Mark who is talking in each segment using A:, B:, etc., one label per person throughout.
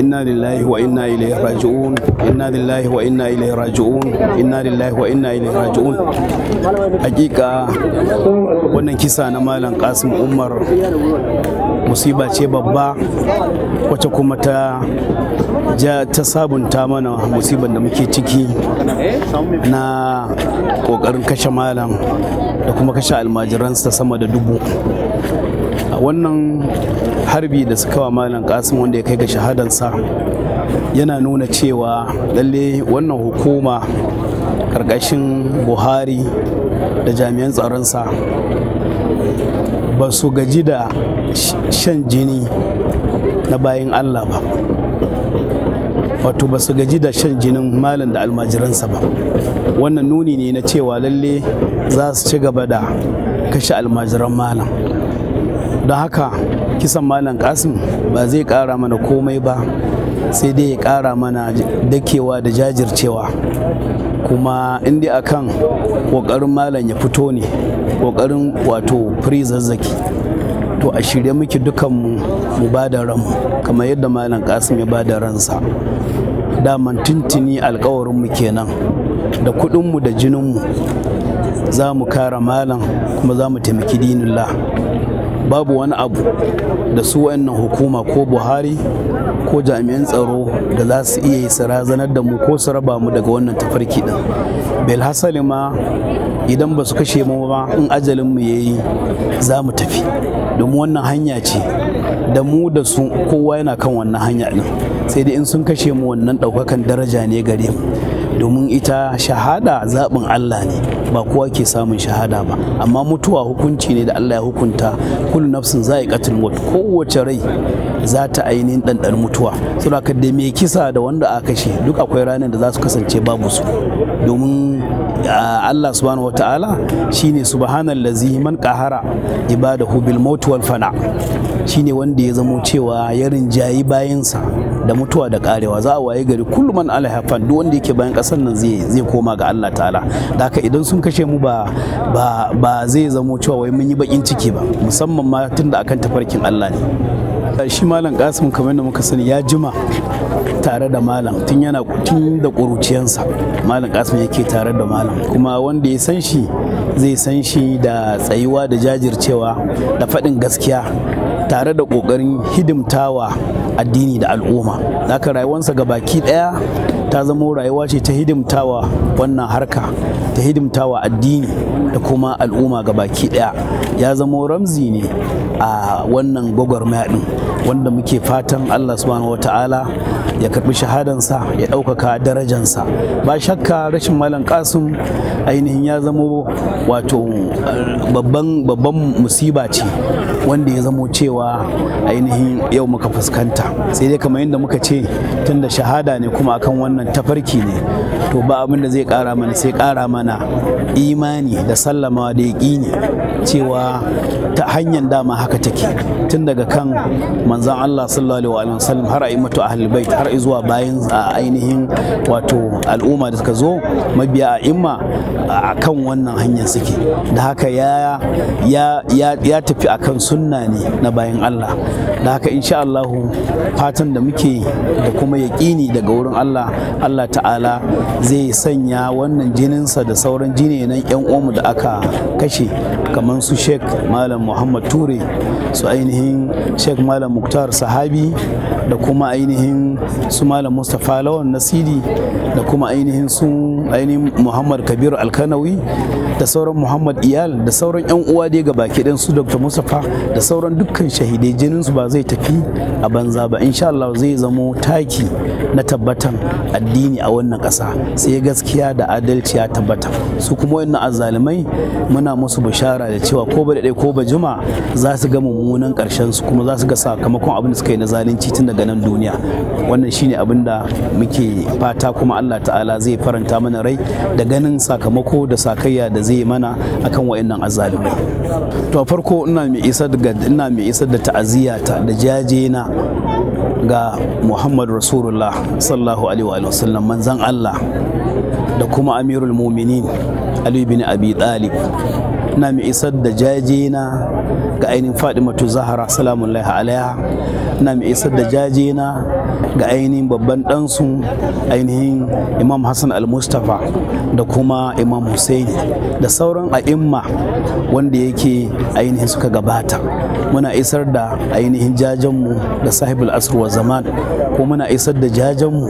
A: inna lillahi wa inna ilaihi raji'un inna lillahi wa inna ilaihi raji'un inna lillahi wa inna ilaihi raji'un hakika wannan kisa na malam kasim umar musiba ce babba wacce kuma ta ja ta sabunta mana musibar da muke ciki na kokarin kashe malam da kuma kashe almajiransa sama da dubu wannan harbi da suka wa malam kasim wanda ya kai ga shahadansa yana nuna cewa lalle wannan hukuma karkashin buhari da jami'an tsaronsa ba su gaji da shan jini na bayan allah ba wato ba su gaji da shan jinin malam da almajiransa ba wannan nuni ne na cewa lalle za su ci gaba da kashe almajiran malam don haka kisan malam kasim ba zai kara mana komai ba sai dai ya kara mana dakewa da jajircewa kuma inda kan kokarin malam ya fito ne kokarin wato firizazzaki zazzaki to a shirya muke dukanmu mu ba da ranmu kamar yadda malam kasim ya ba da ransa daman tuntuni alkawarinmu kenan da kudinmu da jininmu za mu kara malam kuma za mu taimaki dinillah babu wani abu da su wayannan hukuma ko buhari ko jami'an tsaro da za su iya yi su da mu ko su raba mu daga wannan tafarki din belhassali ma idan ba su kashe mu ba in ajalin mu yayi za mu tafi domin wannan hanya ce da mu da su kowa yana kan wannan hanya din sai dai in sun kashe mu wannan ɗaukakan daraja ne gare mu domin ita shahada zaɓin allah ne ba kowa ke samun shahada ba amma mutuwa hukunci ne da Allah ya hukunta kullu nafsin za'i qatul mut kowace rai za ta ainihin dandan mutuwa saboda ka da me kisa da wanda aka kashe duk akwai ranar da za su kasance babu su domin Allah subhanahu wata'ala shine subhanallazi man qahara ibadahu bil maut wal fana shine wanda ya zamo cewa ya rinjayi bayansa da mutuwa da karewa za a waye gari kullum man alaiha du duk wanda yake bayan kasar nan zai zai koma ga Allah ta'ala da haka idan sun kashe mu ba ba ba zai zamo cewa wai mun yi bakin ciki ba musamman ma tunda akan tafarkin Allah ne shi malam kasim kamar da muka sani ya jima tare da malam tun yana tun da ƙuruciyansa malam kasim yake tare da malam kuma wanda ya san shi zai san shi da tsayuwa da jajircewa da faɗin gaskiya tare da ƙoƙarin hidimtawa addini da al'umma haka rayuwarsa ga baki daya ta zama rayuwa ce ta hidimtawa wannan harka ta hidimtawa addini da kuma al'umma ga baki daya ya zama ramzi ne a wannan gwagwarmaya din wanda muke fatan Allah subhanahu wata'ala ya karbi shahadansa ya ɗaukaka darajansa ba shakka rashin malam kasum ainihin ya zama wato eh, babban musiba ce wanda ya zamo cewa ainihin yau muka fuskanta sai dai kamar yadda muka ce tun da shahada ne kuma akan wannan tafarki ne to ba abin da zai kara mana sai kara mana imani da sallamawa da yaƙini cewa ta hanyar dama haka take tun daga kan manzan Allah sallallahu alaihi wasallam har a'immatu ahlul bait har zuwa bayan ainihin wato al'umma da suka zo mabiya imma a kan wannan hanyar suke da haka ya ya tafi akan sunna ne na bayan Allah da haka insha Allah fatan da muke da kuma yaƙini daga wurin Allah Allah ta'ala zai sanya wannan jininsa da sauran jinenan yan uwanmu da aka kashe kamar su sheik malam muhammad ture su ainihin sheik malam muktar sahabi da kuma ainihin su malam mustapha lawan nasiri da kuma ainihin su ainihin muhammad kabiru alkanawi da sauran muhammad iyal da sauran yan uwa dai ga baki ɗin su dr mustapha da sauran dukkan shahidai jinin su ba zai tafi a banza ba insha Allah zai zamo taki na tabbatan addini a wannan ƙasa sai gaskiya da adalci ya tabbata su kuma wannan azzalumai muna musu bishara da cewa ko ba da ko ba juma za su ga mummunan ƙarshen su kuma za su ga sakamakon abin da suka yi na zalunci tun daga daga duniya wannan shine abin da muke fata kuma Allah ta'ala zai faranta mana rai da ganin sakamako da sakayya da zai mana akan wa'annan azalumai to farko ina mai isa da ina mai isa da ta'aziyata da jaje ga Muhammad Rasulullah sallallahu alaihi wa sallam manzon Allah da kuma Amirul Muminin Ali bin Abi Talib na mai isar da jaje ga ainihin Fatimatu Zahra salamun alaiha ina mai isar da jaje na ga ainihin babban ɗansu ainihin imam hassan al-mustapha da kuma imam husaini da sauran a'imma wanda yake ainihin suka gabata muna isar da ainihin jajenmu da sahibul asr wa zaman ko muna isar da jajenmu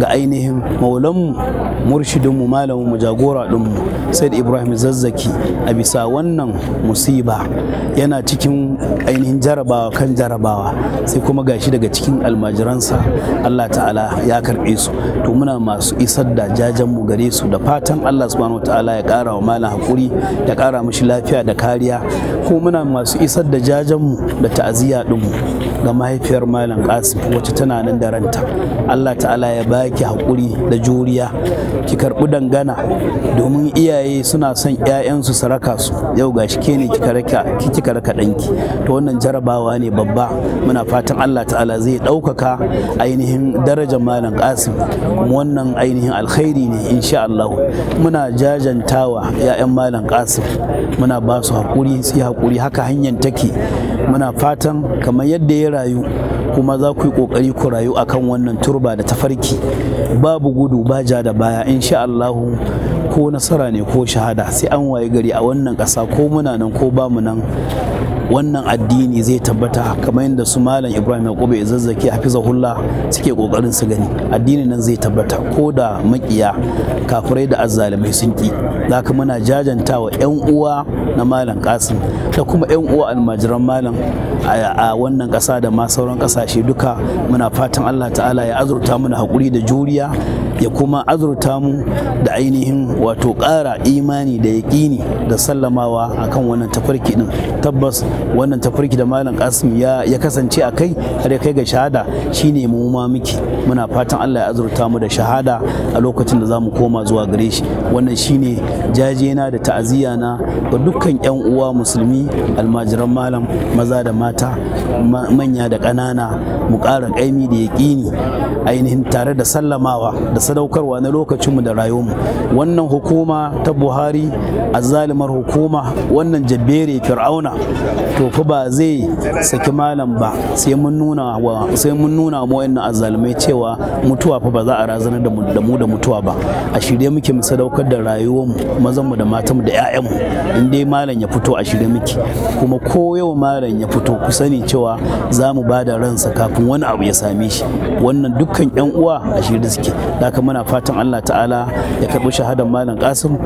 A: ga ainihin maulanmu murshidinmu malamin mu jagora ɗinmu said ibrahim zazzaki a bisa wannan musiba yana cikin ainihin jarabawa kan jarabawa sai kuma gashi daga cikin almajiransa Allah ta'ala ya karɓe su to muna masu isar da jajen mu gare su da fatan Allah subhanahu ta'ala ya ƙara wa malam hakuri ya ƙara mishi lafiya da kariya ko muna masu isar da jajen mu da ta'aziyya din mu ga mahaifiyar malam Qasim wacce tana nan da ranta Allah ta'ala ya baki hakuri da juriya ki karɓi dangana domin iyaye suna son 'ya'yansu su raka su yau gashi ke ne kika raka danki to wannan jarabawa ne babba muna fatan Allah ta'ala zai ɗaukaka ainihin darajar malam kasim kuma wannan ainihin alkhairi ne insha Allah muna jajantawa 'ya'yan malam kasim muna ba su haƙuri su haƙuri haka hanyar take muna fatan kamar yadda ya rayu kuma za ku yi ƙoƙari ku rayu akan wannan turba da tafarki babu gudu ba ja da baya insha Allah ko nasara ne ko shahada sai an waye gari a wannan ƙasa ko muna nan ko ba mu nan wannan addini zai tabbata kamar yadda su malam ibrahim yakubu zazzaki hulla suke kokarin su gani addini nan zai tabbata ko da makiya kafirai da azzalimai sun ki zaka muna jajanta wa yan uwa na malam kasim da kuma yan uwa almajiran malam a wannan kasa da ma sauran kasashe duka muna fatan allah ta'ala ya azurta muna hakuri da juriya ya kuma azurta mu da ainihin wato ƙara imani da yaƙini da sallamawa akan wannan tafarki din tabbas wannan tafarki da malam kasim ya kasance a kai har ya kai ga shahada shine mu ma miki muna fatan Allah ya azurta mu da shahada a lokacin da zamu koma zuwa gare shi wannan shine jajena da ta'aziya na ga dukkan yan uwa musulmi almajiran malam maza da mata manya da ƙanana mu ƙara kaimi da yaƙini ainihin tare da sallamawa da sadaukarwa na lokacinmu da rayuwarmu wannan hukuma ta buhari azzalimar hukuma wannan jabbere fir'auna to fa ba zai saki malam ba sai mun nuna wa sai mun nuna mu wayannan azzalumai cewa mutuwa fa ba za a razana da mu da mu da mutuwa ba a shirye muke mu sadaukar da rayuwar mu mazan mu da matan mu da ƴaƴan mu in dai malam ya fito a shirye muke kuma ko yau malam ya fito ku sani cewa za mu ba da ransa kafin wani abu ya same shi wannan dukkan ƴan uwa a shirye suke da haka muna fatan Allah ta'ala ya karbi shahadar malam Kasim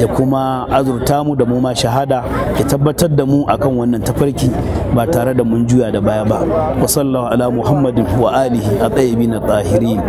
A: ya kuma azurta mu da mu ma shahada ya tabbatar da mu akan wannan tafarki ba tare da mun juya da baya ba wa ala muhammadin wa alihi a tsayibi na tsahiri